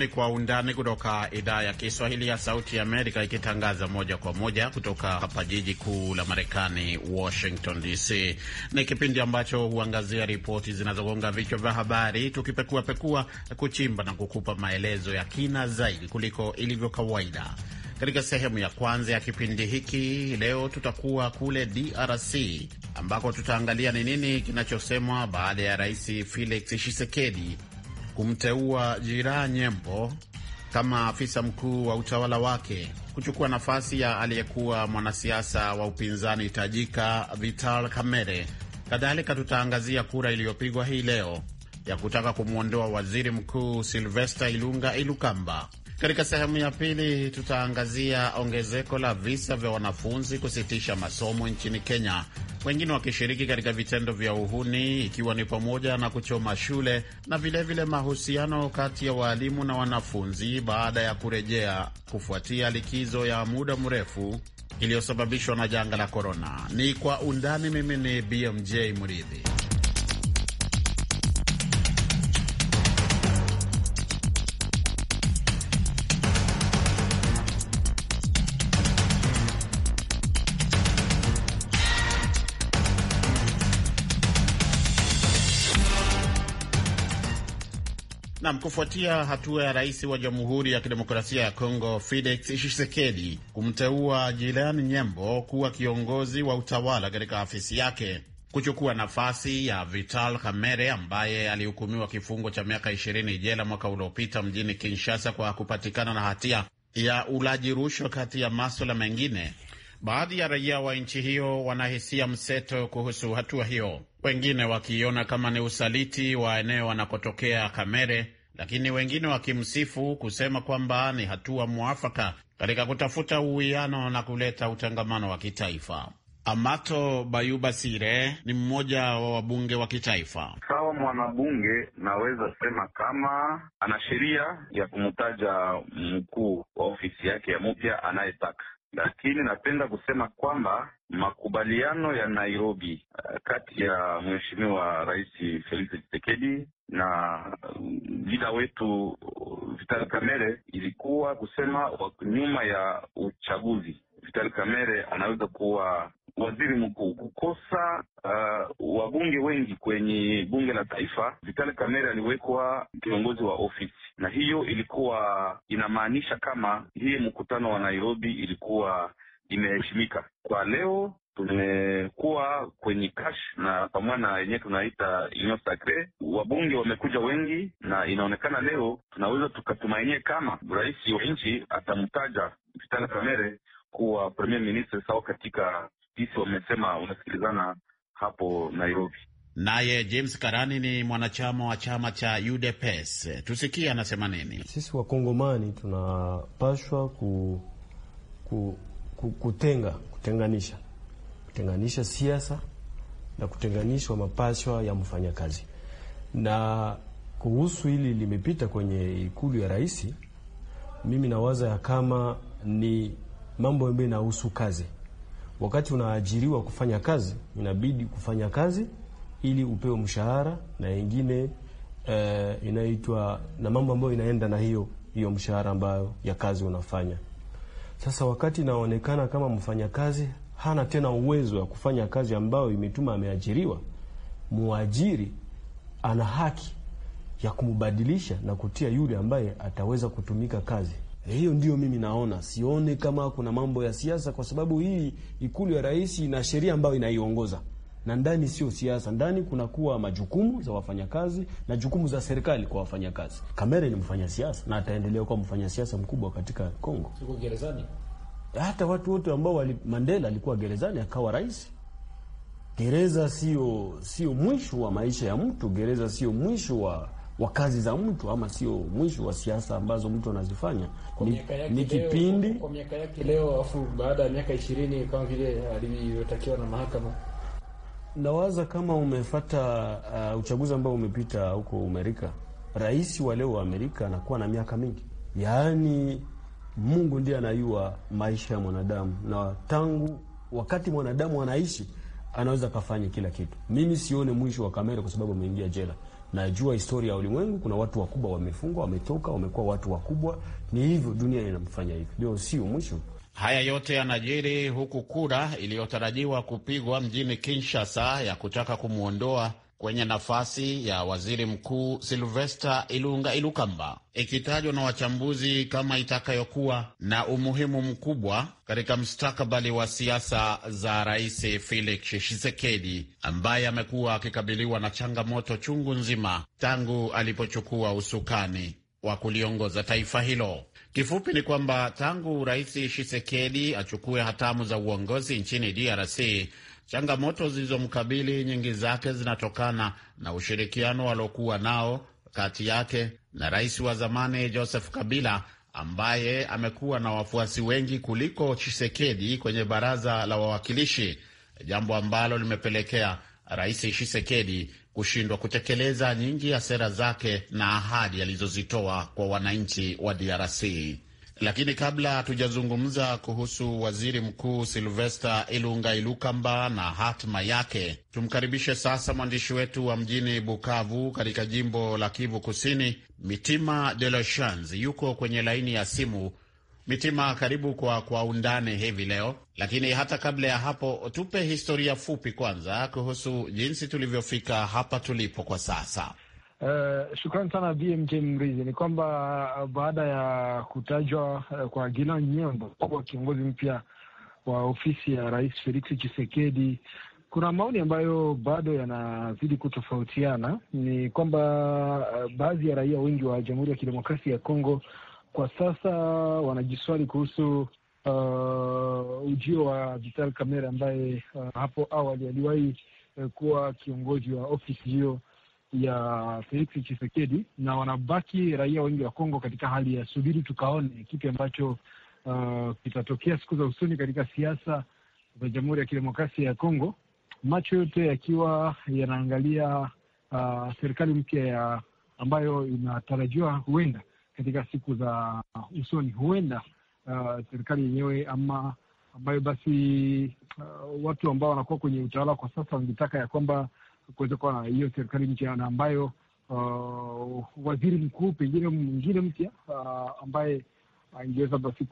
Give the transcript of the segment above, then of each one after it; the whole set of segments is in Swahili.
ni Kwa Undani kutoka idhaa ya Kiswahili ya Sauti ya Amerika, ikitangaza moja kwa moja kutoka hapa jiji kuu la Marekani, Washington DC. Ni kipindi ambacho huangazia ripoti zinazogonga vichwa vya habari, tukipekuapekua, kuchimba na kukupa maelezo ya kina zaidi kuliko ilivyo kawaida. Katika sehemu ya kwanza ya kipindi hiki leo tutakuwa kule DRC ambako tutaangalia ni nini kinachosemwa baada ya Rais Felix Tshisekedi kumteua Jira Nyembo kama afisa mkuu wa utawala wake kuchukua nafasi ya aliyekuwa mwanasiasa wa upinzani tajika Vital Kamerhe. Kadhalika tutaangazia kura iliyopigwa hii leo ya kutaka kumwondoa waziri mkuu Silvesta Ilunga Ilukamba katika sehemu ya pili tutaangazia ongezeko la visa vya wanafunzi kusitisha masomo nchini Kenya, wengine wakishiriki katika vitendo vya uhuni, ikiwa ni pamoja na kuchoma shule na vilevile vile mahusiano kati ya waalimu na wanafunzi baada ya kurejea kufuatia likizo ya muda mrefu iliyosababishwa na janga la korona. Ni kwa undani. Mimi ni BMJ Muridhi. Nam, kufuatia hatua ya rais wa Jamhuri ya Kidemokrasia ya Kongo Felix Tshisekedi kumteua Jilan Nyembo kuwa kiongozi wa utawala katika afisi yake kuchukua nafasi ya Vital Kamerhe ambaye alihukumiwa kifungo cha miaka ishirini jela mwaka uliopita mjini Kinshasa kwa kupatikana na hatia ya ulaji rushwa, kati ya maswala mengine. Baadhi ya raia wa nchi hiyo wanahisia mseto kuhusu hatua hiyo, wengine wakiiona kama ni usaliti wa eneo wanakotokea Kamere lakini wengine wakimsifu kusema kwamba ni hatua mwafaka katika kutafuta uwiano na kuleta utangamano wa kitaifa. Amato Bayubasire ni mmoja wa wabunge wa kitaifa. Sawa, mwanabunge naweza sema kama ana sheria ya kumtaja mkuu wa ofisi yake ya mupya anayetaka, lakini napenda kusema kwamba makubaliano ya Nairobi eh, kati ya mheshimiwa Rais Felix Tshisekedi na mm, vita wetu Vitali Kamere ilikuwa kusema nyuma ya uchaguzi Vitali Kamere anaweza kuwa waziri mkuu. Kukosa uh, wabunge wengi kwenye bunge la taifa, Vitali Kamere aliwekwa kiongozi wa ofisi, na hiyo ilikuwa inamaanisha kama hii mkutano wa Nairobi ilikuwa imeheshimika. Kwa leo tumekuwa kwenye cash na pamoja na yenyewe tunaita union sacre. Wabunge wamekuja wengi, na inaonekana leo tunaweza tukatumainie kama rais wa nchi atamtaja Vital Kamerhe kuwa premier minister, sawa katika sisi wamesema unasikilizana hapo Nairobi. Naye James Karani ni mwanachama wa chama cha UDPS. Tusikie anasema nini. Sisi wakongomani tunapashwa ku, ku, ku, kutenga kutenganisha kutenganisha siasa na kutenganishwa mapashwa ya mfanyakazi. Na kuhusu hili limepita kwenye ikulu ya rais, mimi nawaza ya kama ni mambo ambayo inahusu kazi. Wakati unaajiriwa kufanya kazi, inabidi kufanya kazi ili upewe mshahara na ingine e, inaitwa na mambo ambayo inaenda na hiyo hiyo mshahara ambayo ya kazi unafanya. Sasa wakati inaonekana kama mfanyakazi hana tena uwezo wa kufanya kazi ambayo imetuma ameajiriwa, muajiri ana haki ya kumbadilisha na kutia yule ambaye ataweza kutumika kazi hiyo. Ndio mimi naona, sione kama kuna mambo ya siasa, kwa sababu hii ikulu ya rais ina sheria ambayo inaiongoza na ndani sio siasa, ndani kunakuwa majukumu za wafanyakazi na jukumu za serikali kwa wafanyakazi. Kamere ni mfanya siasa na ataendelea kuwa mfanya siasa mkubwa katika Kongo. gerezani hata watu wote ambao wali, Mandela alikuwa gerezani akawa rais. Gereza sio sio mwisho wa maisha ya mtu. Gereza sio mwisho wa, wa kazi za mtu, ama sio mwisho wa siasa ambazo mtu anazifanya. Ni, kipindi kwa miaka yake leo, afu baada ya miaka ishirini kama vile alivyotakiwa na mahakama. Nawaza kama umefata uh, uchaguzi ambao umepita huko Amerika, rais wa leo wa Amerika anakuwa na miaka mingi, yaani Mungu ndiye anayua maisha ya mwanadamu, na tangu wakati mwanadamu anaishi anaweza kafanya kila kitu. Mimi sione mwisho wa kamera kwa sababu ameingia jela. Najua historia ya ulimwengu, kuna watu wakubwa wamefungwa, wametoka, wamekuwa watu wakubwa. Ni hivyo dunia inamfanya hivyo, ndio sio mwisho. Haya yote yanajiri huku kura iliyotarajiwa kupigwa mjini Kinshasa ya kutaka kumwondoa kwenye nafasi ya waziri mkuu Silvester Ilunga Ilukamba, ikitajwa na wachambuzi kama itakayokuwa na umuhimu mkubwa katika mstakabali wa siasa za Rais Felix Tshisekedi ambaye amekuwa akikabiliwa na changamoto chungu nzima tangu alipochukua usukani wa kuliongoza taifa hilo. Kifupi ni kwamba tangu Rais Tshisekedi achukue hatamu za uongozi nchini DRC Changamoto zilizomkabili nyingi zake zinatokana na ushirikiano aliokuwa nao kati yake na rais wa zamani Joseph Kabila ambaye amekuwa na wafuasi wengi kuliko chisekedi kwenye baraza la wawakilishi, jambo ambalo limepelekea rais chisekedi kushindwa kutekeleza nyingi ya sera zake na ahadi alizozitoa kwa wananchi wa DRC. Lakini kabla hatujazungumza kuhusu waziri mkuu Silvester Ilukamba na hatima yake, tumkaribishe sasa mwandishi wetu wa mjini Bukavu katika jimbo la Kivu Kusini, Mitima De La chans yuko kwenye laini ya simu. Mitima, karibu kwa kwa undani hivi leo. Lakini hata kabla ya hapo, tupe historia fupi kwanza kuhusu jinsi tulivyofika hapa tulipo kwa sasa. Uh, shukrani sana BMJ Mrizi. Ni kwamba eh, baada ya kutajwa eh, kwa Gilan Nyembo kuwa kiongozi mpya wa ofisi ya Rais Felix chisekedi kuna maoni ambayo bado yanazidi kutofautiana. Ni kwamba baadhi ya raia wengi wa Jamhuri ya Kidemokrasia ya Kongo kwa sasa wanajiswali kuhusu uh, ujio wa Vital Kamerhe ambaye uh, hapo awali aliwahi uh, kuwa kiongozi wa ofisi hiyo ya Felix Chisekedi, na wanabaki raia wengi wa Kongo katika hali ya subiri tukaone kipi ambacho uh, kitatokea siku za usoni katika siasa za Jamhuri ya Kidemokrasia ya Kongo, macho yote yakiwa yanaangalia uh, serikali mpya ya ambayo inatarajiwa huenda katika siku za usoni, huenda uh, serikali yenyewe ama ambayo basi uh, watu ambao wanakuwa kwenye utawala kwa sasa wangetaka ya kwamba kuweza kuwa na hiyo serikali mpya na ambayo uh, waziri mkuu pengine mwingine mpya uh, ambaye angeweza basi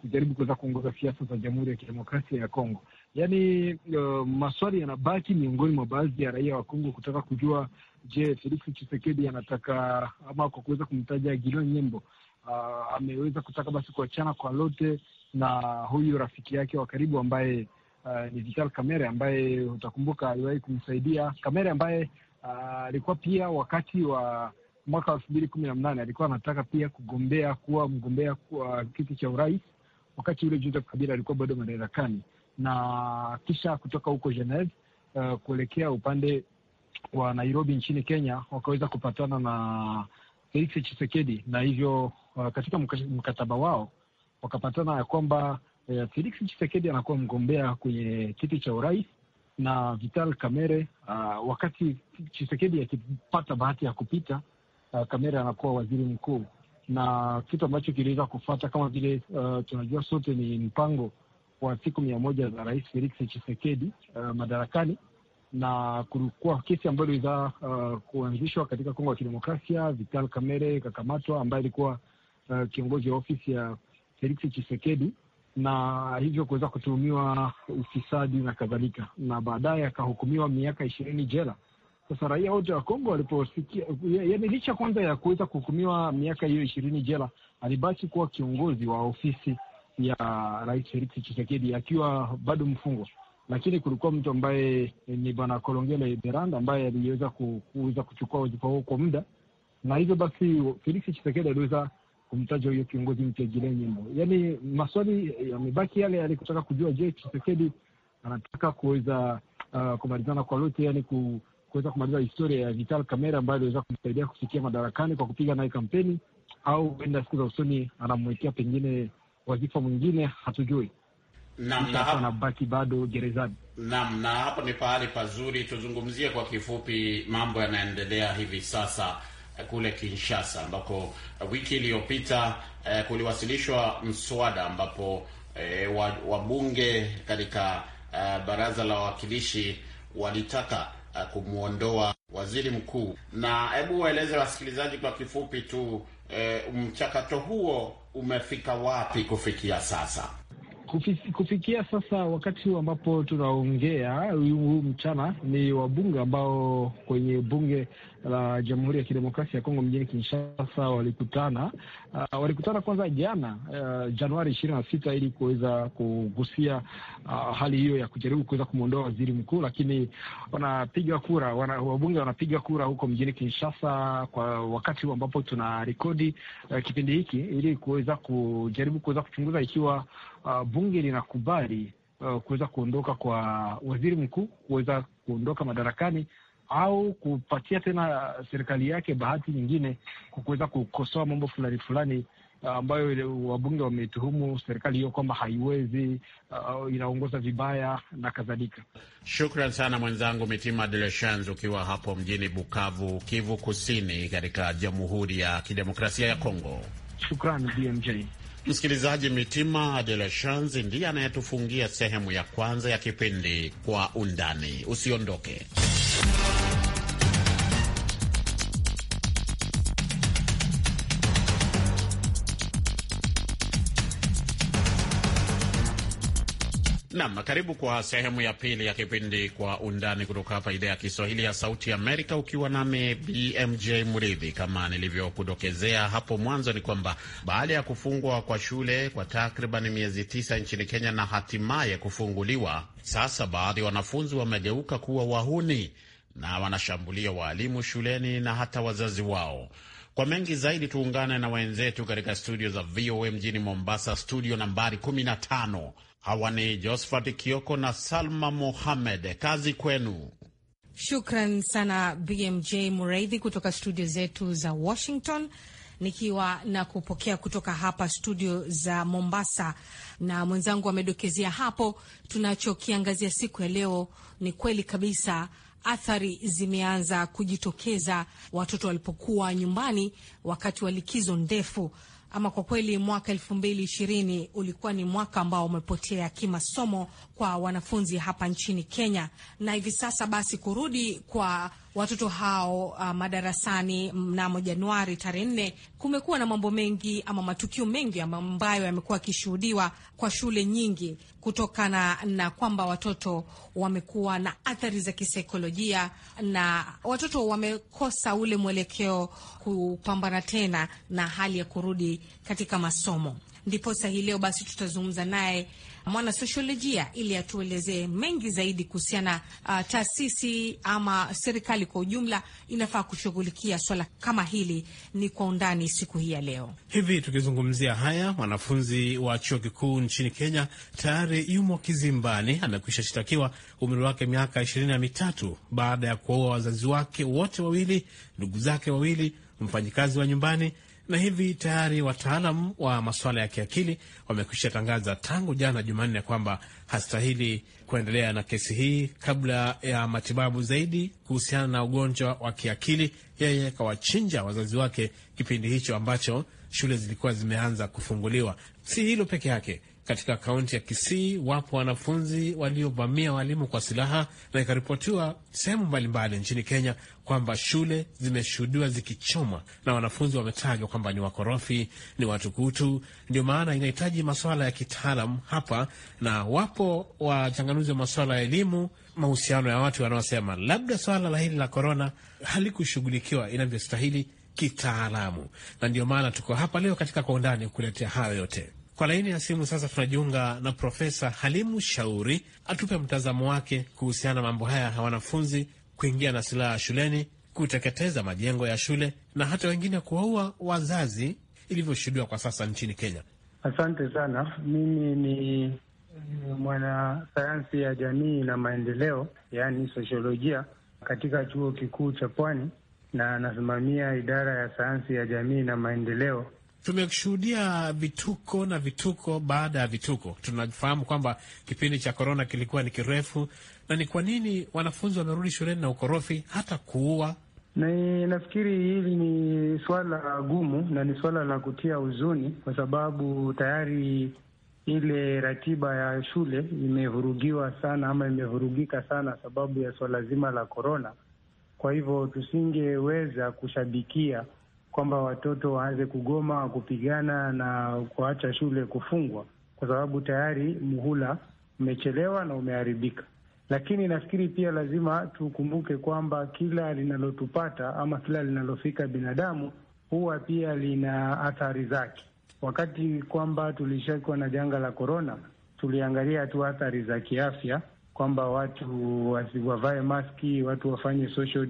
kujaribu kuweza kuongoza siasa za Jamhuri ya Kidemokrasia ya Kongo. Yaani uh, maswali yanabaki miongoni mwa baadhi ya raia wa Kongo kutaka kujua, je, Felix Tshisekedi anataka ama, kwa kuweza kumtaja Gilon Nyembo uh, ameweza kutaka basi kuachana kwa lote na huyu rafiki yake wa karibu ambaye uh, ni Vital Kamerhe ambaye utakumbuka aliwahi kumsaidia Kamerhe ambaye uh, alikuwa uh, pia wakati wa mwaka elfu mbili kumi na mnane alikuwa anataka pia kugombea kuwa mgombea kwa uh, kiti cha urais wakati ule Joseph Kabila alikuwa bado madarakani, na kisha kutoka huko Geneve uh, kuelekea upande wa Nairobi nchini Kenya wakaweza kupatana na Felix chisekedi na hivyo uh, katika mkataba wao wakapatana ya kwamba eh, Felix Chisekedi anakuwa mgombea kwenye kiti cha urais na Vital Kamerhe. Uh, wakati Chisekedi akipata bahati ya kupita uh, Kamerhe anakuwa waziri mkuu, na kitu ambacho kiliweza kufata kama vile uh, tunajua sote ni mpango wa siku mia moja za Rais Felix chisekedi uh, madarakani na kulikuwa kesi ambayo iliweza uh, kuanzishwa katika Kongo ya Kidemokrasia. Vital Kamerhe ikakamatwa, ambaye alikuwa uh, kiongozi wa ofisi ya Felix chisekedi na hivyo kuweza kutuhumiwa ufisadi na kadhalika, na baadaye akahukumiwa miaka ishirini jela. Sasa raia wote wa Kongo waliposikia, yaani licha kwanza ya kuweza kuhukumiwa miaka hiyo ishirini jela, alibaki kuwa kiongozi wa ofisi ya Rais Felix Tshisekedi akiwa bado mfungwa, lakini kulikuwa mtu ambaye ni Bwana Kolongele Beranda ambaye aliweza kuweza kuchukua wadhifa huo kwa muda, na hivyo basi Felix Tshisekedi aliweza kumtaja huyo kiongozi mpigilia nyimbo. Yani maswali yamebaki yale yale kutaka kujua, je, Chisekedi anataka kuweza uh, kumalizana kwa lote, yani ku, kuweza kumaliza historia ya Vital Kamerhe ambayo aliweza kumsaidia kufikia madarakani kwa kupiga naye kampeni, au huenda siku za usoni anamwekea pengine wadhifa mwingine, hatujui. Naam, anabaki bado gerezani. Naam, na hapo ni pahali pazuri tuzungumzie kwa kifupi mambo yanaendelea hivi sasa Eh, kule Kinshasa ambako eh, wiki iliyopita eh, kuliwasilishwa mswada ambapo eh, wabunge katika eh, baraza la wawakilishi walitaka eh, kumwondoa waziri mkuu. Na hebu waeleze wasikilizaji kwa kifupi tu eh, mchakato huo umefika wapi kufikia sasa? Kufikia sasa wakati huu ambapo tunaongea huu mchana, ni wabunge ambao kwenye bunge la Jamhuri ya Kidemokrasia ya Kongo mjini Kinshasa walikutana. Uh, walikutana kwanza jana uh, Januari ishirini na sita ili kuweza kugusia uh, hali hiyo ya kujaribu kuweza kumwondoa waziri mkuu, lakini wanapiga kura wana, wabunge wanapiga kura huko mjini Kinshasa kwa wakati ambapo tuna rekodi uh, kipindi hiki ili kuweza kujaribu kuweza kuchunguza ikiwa uh, bunge linakubali uh, kuweza kuondoka kwa waziri mkuu kuweza kuondoka madarakani au kupatia tena serikali yake bahati nyingine kwa kuweza kukosoa mambo fulani fulani uh, ambayo wabunge wametuhumu serikali hiyo kwamba haiwezi, uh, inaongoza vibaya na kadhalika. Shukran sana mwenzangu Mitima De ukiwa hapo mjini Bukavu, Kivu Kusini, katika Jamhuri ya Kidemokrasia ya Kongo. Shukran BMJ. Msikilizaji, Mitima De ndiye anayetufungia sehemu ya kwanza ya kipindi Kwa Undani. Usiondoke. Nam, karibu kwa sehemu ya pili ya kipindi Kwa Undani kutoka hapa idhaa ya Kiswahili ya Sauti Amerika, ukiwa nami BMJ Mridhi. Kama nilivyokudokezea hapo mwanzo, ni kwamba baada ya kufungwa kwa shule kwa takriban miezi tisa nchini Kenya na hatimaye kufunguliwa, sasa baadhi ya wanafunzi wamegeuka kuwa wahuni na wanashambulia waalimu shuleni na hata wazazi wao. Kwa mengi zaidi, tuungane na wenzetu katika studio za VOA mjini Mombasa, studio nambari 15 Hawa ni Josphat Kioko na Salma Mohamed. Kazi kwenu. Shukran sana BMJ Mureithi kutoka studio zetu za Washington, nikiwa na kupokea kutoka hapa studio za Mombasa, na mwenzangu amedokezea hapo. Tunachokiangazia siku ya leo ni kweli kabisa athari zimeanza kujitokeza watoto walipokuwa nyumbani wakati wa likizo ndefu ama kwa kweli mwaka elfu mbili ishirini ulikuwa ni mwaka ambao umepotea kimasomo kwa wanafunzi hapa nchini Kenya, na hivi sasa basi kurudi kwa watoto hao uh, madarasani mnamo Januari tarehe nne, kumekuwa na mambo mengi ama matukio mengi ambayo yamekuwa yakishuhudiwa kwa shule nyingi kutokana na, na kwamba watoto wamekuwa na athari za kisaikolojia na watoto wamekosa ule mwelekeo kupambana tena na hali ya kurudi katika masomo. Ndiposa hii leo basi tutazungumza naye mwanasosiolojia ili atuelezee mengi zaidi kuhusiana uh, taasisi ama serikali kwa ujumla inafaa kushughulikia swala kama hili. Ni kwa undani siku hii ya leo. Hivi tukizungumzia haya, mwanafunzi wa chuo kikuu nchini Kenya tayari yumo kizimbani, amekwisha shtakiwa, umri wake miaka ishirini na mitatu baada ya kuwaua wazazi wake wote wawili, ndugu zake wawili, mfanyikazi wa nyumbani na hivi tayari wataalam wa masuala ya kiakili wamekwisha tangaza tangu jana Jumanne kwamba hastahili kuendelea na kesi hii kabla ya matibabu zaidi kuhusiana na ugonjwa wa kiakili. Yeye kawachinja wazazi wake kipindi hicho ambacho shule zilikuwa zimeanza kufunguliwa. Si hilo peke yake, katika kaunti ya Kisii wapo wanafunzi waliovamia walimu kwa silaha, na ikaripotiwa sehemu mbalimbali nchini Kenya kwamba shule zimeshuhudiwa zikichomwa na wanafunzi wametajwa kwamba ni wakorofi, ni watukutu. Ndio maana inahitaji masuala ya kitaalam hapa, na wapo wachanganuzi wa masuala ya elimu, mahusiano ya watu wanaosema labda swala la hili la korona halikushughulikiwa inavyostahili kitaalamu, na ndio maana tuko hapa leo katika Kwa Undani kuletea hayo yote. Kwa laini ya simu sasa tunajiunga na Profesa Halimu Shauri atupe mtazamo wake kuhusiana na mambo haya ya wanafunzi kuingia na silaha shuleni, kuteketeza majengo ya shule na hata wengine kuwaua wazazi ilivyoshuhudiwa kwa sasa nchini Kenya. Asante sana. Mimi ni mwanasayansi ya jamii na maendeleo, yaani sosiolojia, katika chuo kikuu cha Pwani na anasimamia idara ya sayansi ya jamii na maendeleo tumeshuhudia vituko na vituko baada ya vituko. Tunafahamu kwamba kipindi cha korona kilikuwa ni kirefu, na ni kwa nini wanafunzi wamerudi shuleni na ukorofi hata kuua? Ni, nafikiri hili ni swala gumu na ni swala la kutia huzuni, kwa sababu tayari ile ratiba ya shule imevurugiwa sana ama imevurugika sana sababu ya swala zima la korona. Kwa hivyo tusingeweza kushabikia kwamba watoto waanze kugoma, kupigana na kuacha shule kufungwa, kwa sababu tayari muhula umechelewa na umeharibika. Lakini nafikiri pia lazima tukumbuke kwamba kila linalotupata ama kila linalofika binadamu huwa pia lina athari zake. Wakati kwamba tulishakuwa na janga la korona, tuliangalia tu athari za kiafya kwamba watu wavae maski, watu wafanye social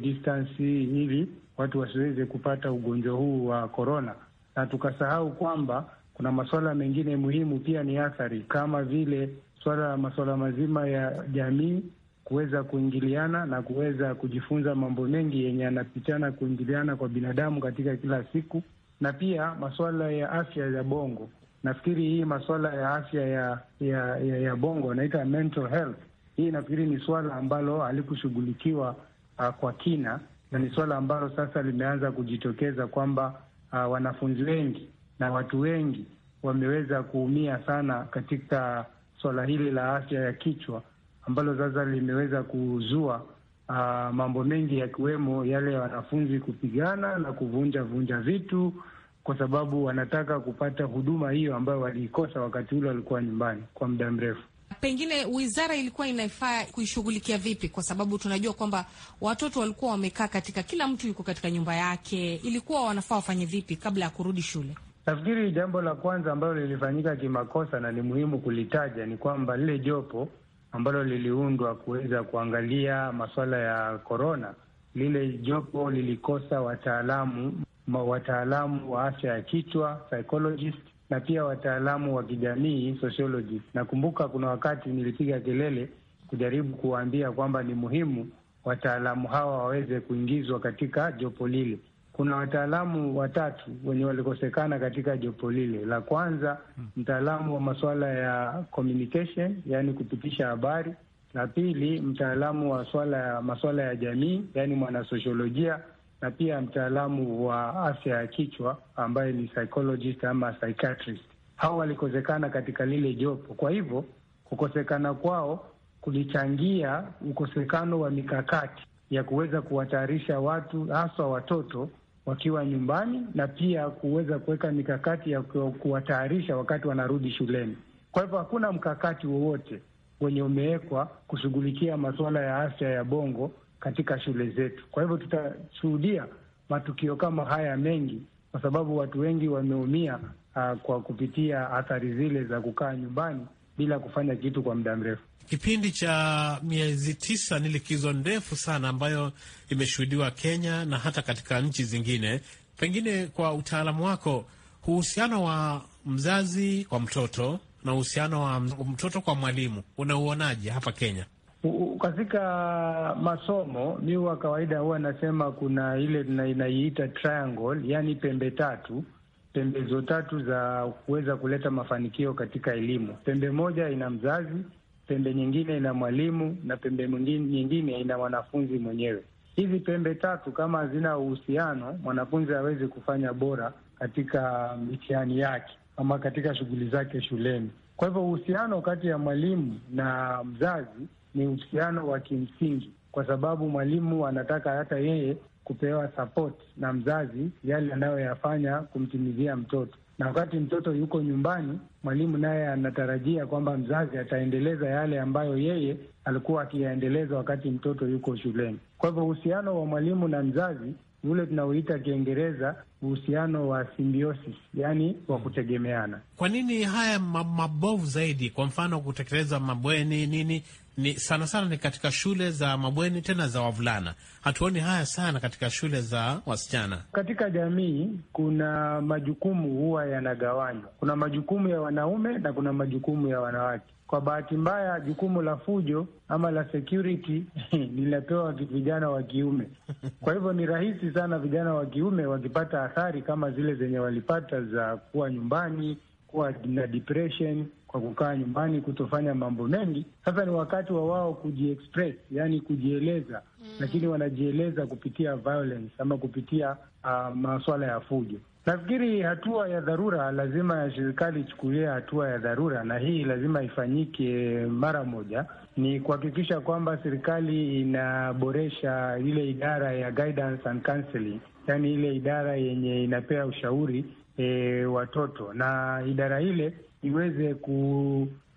ili watu wasiweze kupata ugonjwa huu wa korona, na tukasahau kwamba kuna masuala mengine muhimu pia ni athari, kama vile swala la masuala mazima ya jamii kuweza kuingiliana na kuweza kujifunza mambo mengi yenye yanapitana kuingiliana kwa binadamu katika kila siku, na pia masuala ya afya ya bongo. Nafikiri hii masuala ya afya ya ya, ya, ya bongo wanaita mental health, hii nafikiri ni swala ambalo halikushughulikiwa uh, kwa kina na ni suala ambalo sasa limeanza kujitokeza kwamba uh, wanafunzi wengi na watu wengi wameweza kuumia sana katika suala hili la afya ya kichwa ambalo sasa limeweza kuzua uh, mambo mengi yakiwemo yale ya wanafunzi kupigana na kuvunja vunja vitu kwa sababu wanataka kupata huduma hiyo ambayo waliikosa wakati ule walikuwa nyumbani kwa muda mrefu. Pengine wizara ilikuwa inafaa kuishughulikia vipi? Kwa sababu tunajua kwamba watoto walikuwa wamekaa katika, kila mtu yuko katika nyumba yake, ilikuwa wanafaa wafanye vipi kabla ya kurudi shule? Nafikiri jambo la kwanza ambalo lilifanyika kimakosa na ni muhimu kulitaja ni kwamba lile jopo ambalo liliundwa kuweza kuangalia masuala ya korona, lile jopo lilikosa wataalamu wataalamu wa afya ya kichwa psychologist na pia wataalamu wa kijamii sociology. Nakumbuka kuna wakati nilipiga kelele kujaribu kuwaambia kwamba ni muhimu wataalamu hawa waweze kuingizwa katika jopo lile. Kuna wataalamu watatu wenye walikosekana katika jopo lile. La kwanza mtaalamu wa masuala ya communication, yaani kupitisha habari. La pili mtaalamu wa swala ya masuala ya jamii, yani mwanasosiolojia na pia mtaalamu wa afya ya kichwa ambaye ni psychologist ama psychiatrist. Hao walikosekana katika lile jopo, kwa hivyo kukosekana kwao kulichangia ukosekano wa mikakati ya kuweza kuwatayarisha watu haswa watoto wakiwa nyumbani na pia kuweza kuweka mikakati ya kuwatayarisha wakati wanarudi shuleni. Kwa hivyo hakuna mkakati wowote wenye umewekwa kushughulikia masuala ya afya ya bongo katika shule zetu. Kwa hivyo tutashuhudia matukio kama haya mengi, kwa sababu watu wengi wameumia uh, kwa kupitia athari zile za kukaa nyumbani bila kufanya kitu kwa muda mrefu. Kipindi cha miezi tisa ni likizo ndefu sana ambayo imeshuhudiwa Kenya na hata katika nchi zingine. Pengine kwa utaalamu wako, uhusiano wa mzazi kwa mtoto na uhusiano wa mtoto kwa mwalimu unauonaje hapa Kenya? katika masomo mi wa kawaida huwa nasema kuna ile inaiita triangle, yaani pembe tatu, pembe zo tatu za kuweza kuleta mafanikio katika elimu. Pembe moja ina mzazi, pembe nyingine ina mwalimu, na pembe nyingine ina mwanafunzi mwenyewe. Hizi pembe tatu kama hazina uhusiano, mwanafunzi hawezi kufanya bora katika mitihani yake ama katika shughuli zake shuleni. Kwa hivyo uhusiano kati ya mwalimu na mzazi ni uhusiano wa kimsingi, kwa sababu mwalimu anataka hata yeye kupewa support na mzazi yale anayoyafanya kumtimizia mtoto, na wakati mtoto yuko nyumbani, mwalimu naye anatarajia kwamba mzazi ataendeleza yale ambayo yeye alikuwa akiyaendeleza wakati mtoto yuko shuleni. Kwa hivyo uhusiano wa mwalimu na mzazi ni ule tunaoita Kiingereza uhusiano wa symbiosis, yani wa kutegemeana. Kwa nini haya mabovu zaidi? Kwa mfano kutekeleza mabweni nini ni sana sana ni katika shule za mabweni, tena za wavulana. Hatuoni haya sana katika shule za wasichana. Katika jamii kuna majukumu huwa yanagawanywa, kuna majukumu ya wanaume na kuna majukumu ya wanawake. Kwa bahati mbaya, jukumu la fujo ama la security linapewa vijana wa kiume. Kwa hivyo ni rahisi sana vijana wa kiume wakipata athari kama zile zenye walipata za kuwa nyumbani, kuwa na depression kwa kukaa nyumbani, kutofanya mambo mengi. Sasa ni wakati wa wao kujiexpress, yani kujieleza mm. Lakini wanajieleza kupitia violence ama kupitia uh, maswala ya fujo. Nafikiri hatua ya dharura lazima ya serikali ichukulia hatua ya dharura, na hii lazima ifanyike mara moja, ni kuhakikisha kwamba serikali inaboresha ile idara ya guidance and counseling, yani ile idara yenye inapea ushauri e, watoto na idara ile iweze ku,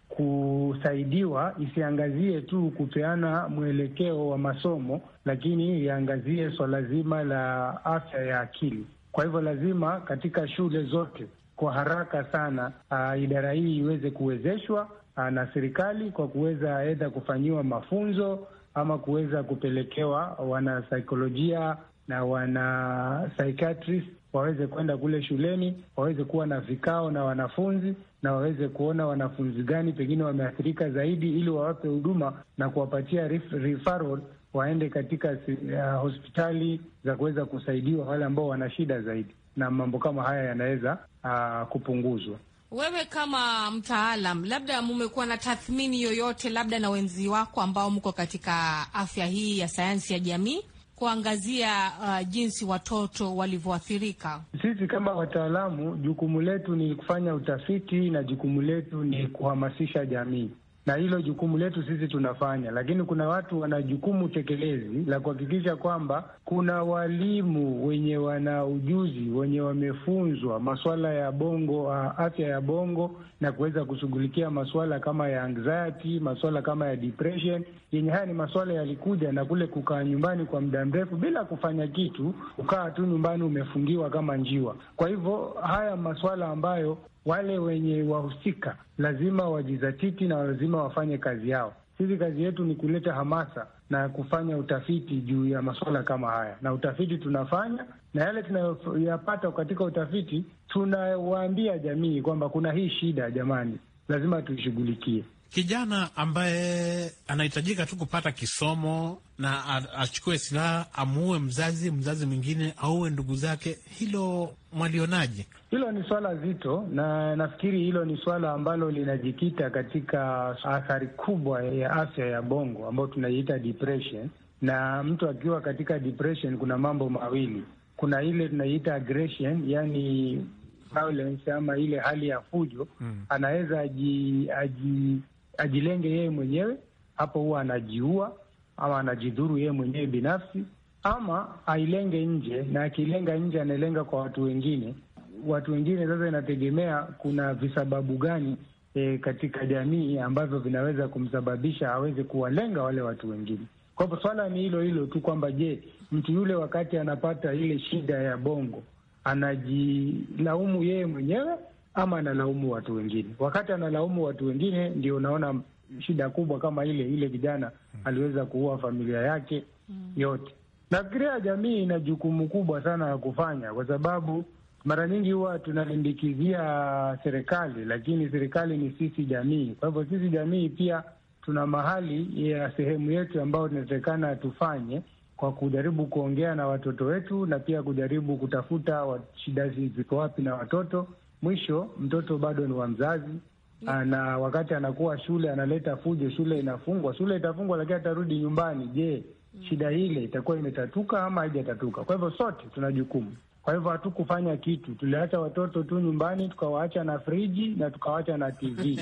kusaidiwa isiangazie tu kupeana mwelekeo wa masomo, lakini iangazie swala zima la afya ya akili. Kwa hivyo lazima katika shule zote kwa haraka sana aa, idara hii iweze kuwezeshwa aa, na serikali kwa kuweza aidha kufanyiwa mafunzo ama kuweza kupelekewa wanasaikolojia na wana waweze kwenda kule shuleni waweze kuwa na vikao na wanafunzi na waweze kuona wanafunzi gani pengine wameathirika zaidi, ili wawape huduma na kuwapatia referral waende katika uh, hospitali za kuweza kusaidiwa wale ambao wana shida zaidi, na mambo kama haya yanaweza uh, kupunguzwa. Wewe kama mtaalam, labda mumekuwa na tathmini yoyote, labda na wenzi wako ambao mko katika afya hii ya sayansi ya jamii, kuangazia uh, jinsi watoto walivyoathirika. Sisi kama wataalamu, jukumu letu ni kufanya utafiti na jukumu letu ni kuhamasisha jamii na hilo jukumu letu sisi tunafanya, lakini kuna watu wana jukumu tekelezi la kuhakikisha kwamba kuna walimu wenye wana ujuzi wenye wamefunzwa maswala ya bongo, ah, afya ya bongo na kuweza kushughulikia maswala kama ya anxiety, maswala kama ya depression, yenye haya ni maswala yalikuja na kule kukaa nyumbani kwa muda mrefu bila kufanya kitu, ukaa tu nyumbani umefungiwa kama njiwa. Kwa hivyo haya maswala ambayo wale wenye wahusika lazima wajizatiti na lazima wafanye kazi yao. Sisi kazi yetu ni kuleta hamasa na kufanya utafiti juu ya masuala kama haya, na utafiti tunafanya, na yale tunayoyapata katika utafiti tunawaambia jamii kwamba kuna hii shida, jamani, lazima tuishughulikie kijana ambaye anahitajika tu kupata kisomo na achukue silaha amuue mzazi, mzazi mwingine auwe ndugu zake, hilo mwalionaje? Hilo ni swala zito, na nafikiri hilo ni swala ambalo linajikita katika athari kubwa ya afya ya bongo ambayo tunaiita depression. Na mtu akiwa katika depression, kuna mambo mawili, kuna ile tunaiita aggression, yani violence ama ile hali ya fujo, mm. anaweza aji, aji ajilenge yeye mwenyewe, hapo huwa anajiua ama anajidhuru yeye mwenyewe binafsi, ama ailenge nje, na akilenga nje analenga kwa watu wengine. Watu wengine sasa, inategemea kuna visababu gani e, katika jamii ambavyo vinaweza kumsababisha aweze kuwalenga wale watu wengine. Kwa hivyo swala ni hilo hilo tu kwamba je, mtu yule wakati anapata ile shida ya bongo anajilaumu yeye mwenyewe ama analaumu watu wengine. Wakati analaumu watu wengine, ndio unaona shida kubwa kama ile ile. Kijana hmm. aliweza kuua familia yake hmm. yote. Nafikiria jamii ina jukumu kubwa sana ya kufanya, kwa sababu mara nyingi huwa tunalimbikizia serikali, lakini serikali ni sisi jamii. Kwa hivyo sisi jamii pia tuna mahali ya sehemu yetu ambayo tunatakikana tufanye kwa kujaribu kuongea na watoto wetu na pia kujaribu kutafuta shida ziko wapi na watoto mwisho mtoto bado ni wa mzazi ah, na wakati anakuwa shule analeta fujo, shule inafungwa. Shule itafungwa, lakini atarudi nyumbani. Je, mm. shida ile itakuwa imetatuka ama haijatatuka? Kwa hivyo sote tuna jukumu. Kwa hivyo hatukufanya kitu, tuliacha watoto tu nyumbani, tukawaacha na friji na tukawaacha na TV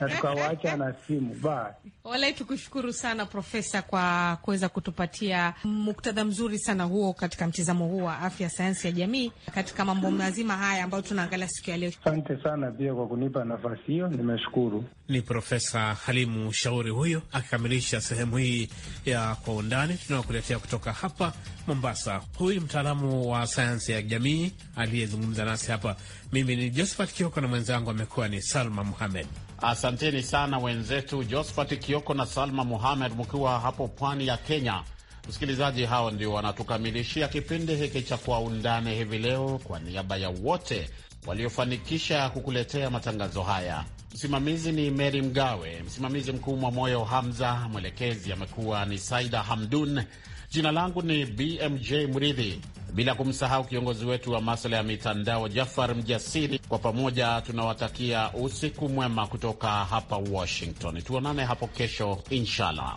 na tukawaacha na simu. Basi walai, tukushukuru sana Profesa kwa kuweza kutupatia muktadha mzuri sana huo katika mtizamo huu wa afya, sayansi ya jamii katika mambo mazima haya ambayo tunaangalia siku ya leo. Asante sana pia kwa kunipa nafasi hiyo, nimeshukuru. Ni Profesa Halimu Shauri huyo akikamilisha sehemu hii ya Kwa Undani tunayokuletea kutoka hapa Mombasa. Huyu mtaalamu wa sayansi ya jamii aliyezungumza nasi hapa. Mimi ni Josephat Kioko na mwenzangu amekuwa ni Salma Muhamed. Asanteni sana wenzetu Josephat Kioko na Salma Muhamed mkiwa hapo pwani ya Kenya. Msikilizaji, hao ndio wanatukamilishia kipindi hiki cha Kwa Undani hivi leo. Kwa niaba ya wote waliofanikisha kukuletea matangazo haya Msimamizi ni Mary Mgawe, msimamizi mkuu mwa Moyo Hamza, mwelekezi amekuwa ni Saida Hamdun. Jina langu ni BMJ Mridhi, bila kumsahau kiongozi wetu wa masuala ya mitandao Jafar Mjasiri. Kwa pamoja tunawatakia usiku mwema kutoka hapa Washington. Tuonane hapo kesho inshallah.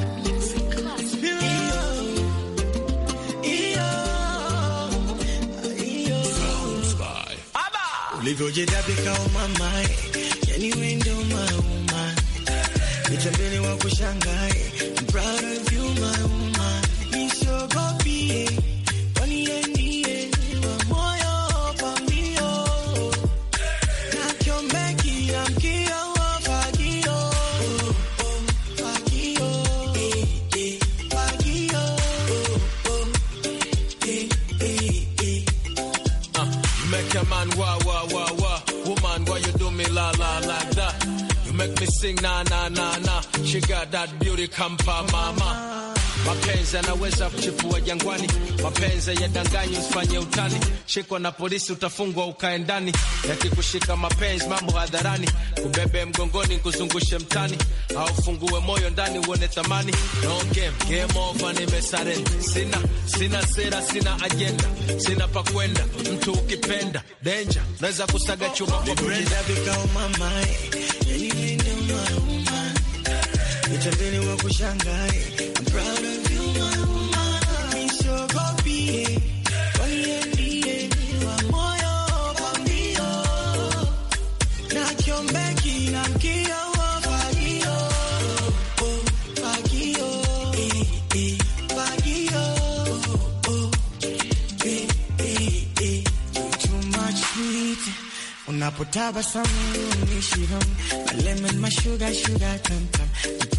ulivyojenga vikao oh eh. yani wewe mauma, nitembele wa kushangae, I'm kampa mama mapenzi anaweza kuchipua jangwani, mapenzi ya danganyi usifanye utani, shikwa na polisi utafungwa ukae ndani, yakikushika mapenzi mambo hadharani, kubebe mgongoni kuzungushe mtani, au fungue moyo ndani uone thamani. No game, game over, nimesare. sina sina sera, sina ajenda, sina pa kwenda, mtu ukipenda danger, naweza kusaga chuma kwa brenda utapeli wa kushangae I'm proud of you Unapotabasamu, my lemon, my sugar, sugar, tam tam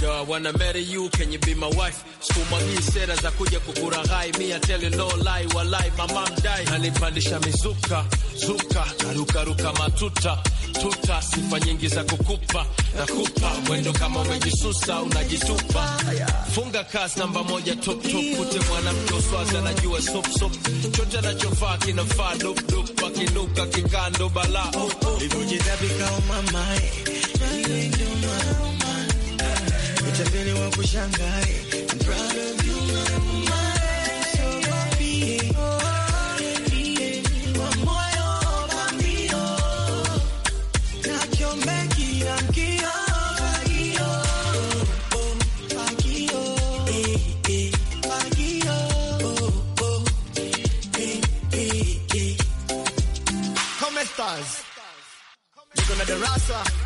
Yo, I wanna marry you, can you be my wife? Sikumwagii sera za kuja kukuraghai, me I tell you no lie, walai mamam dai alipandisha mizuka zuka karukaruka matuta tuta sifa nyingi za kukupa nakupa mwendo kama umejisusa unajitupa funga kasi namba moja top top kute mwanamke uswazi anajua sop sop chote anachovaa kinafaa dop dop akinuka kikando balaa oh, oh. Niko na darasa